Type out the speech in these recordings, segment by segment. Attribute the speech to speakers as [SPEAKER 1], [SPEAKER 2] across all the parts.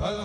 [SPEAKER 1] بل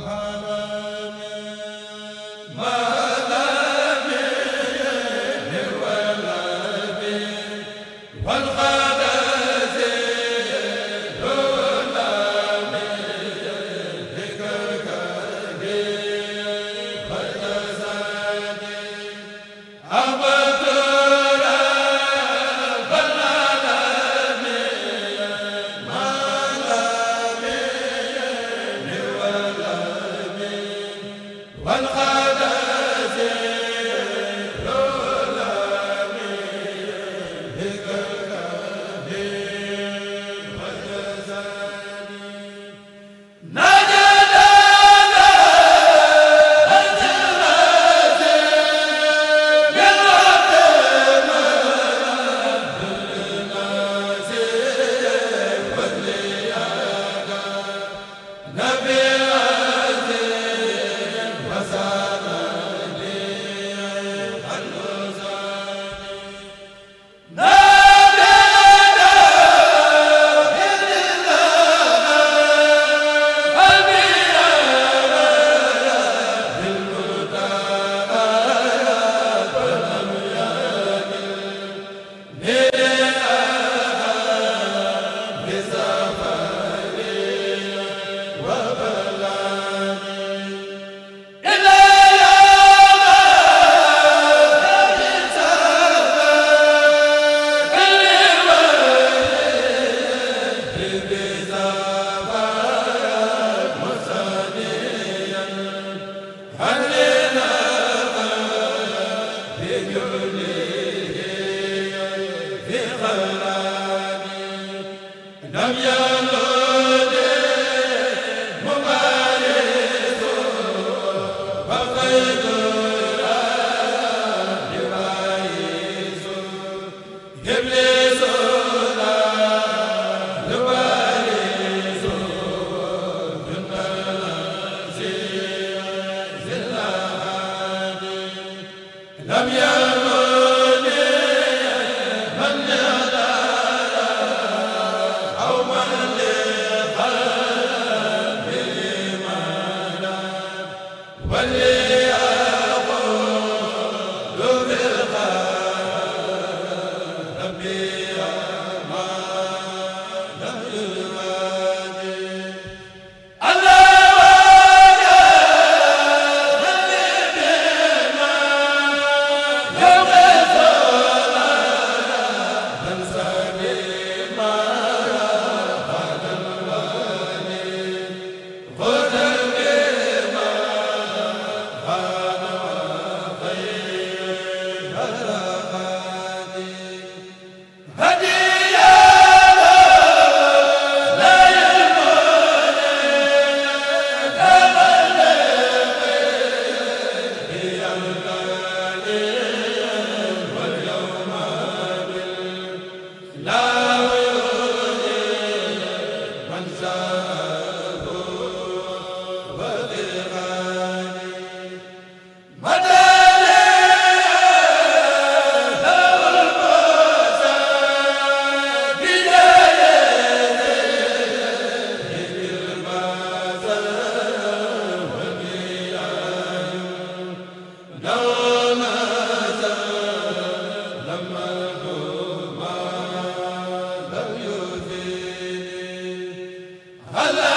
[SPEAKER 1] Allah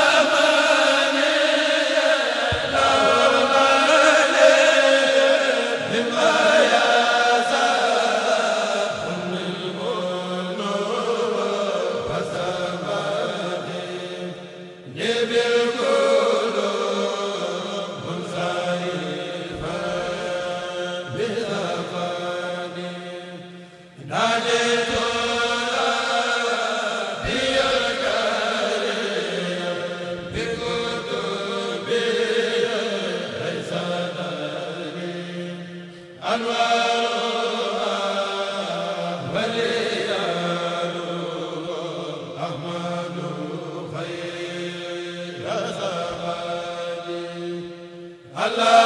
[SPEAKER 1] Allah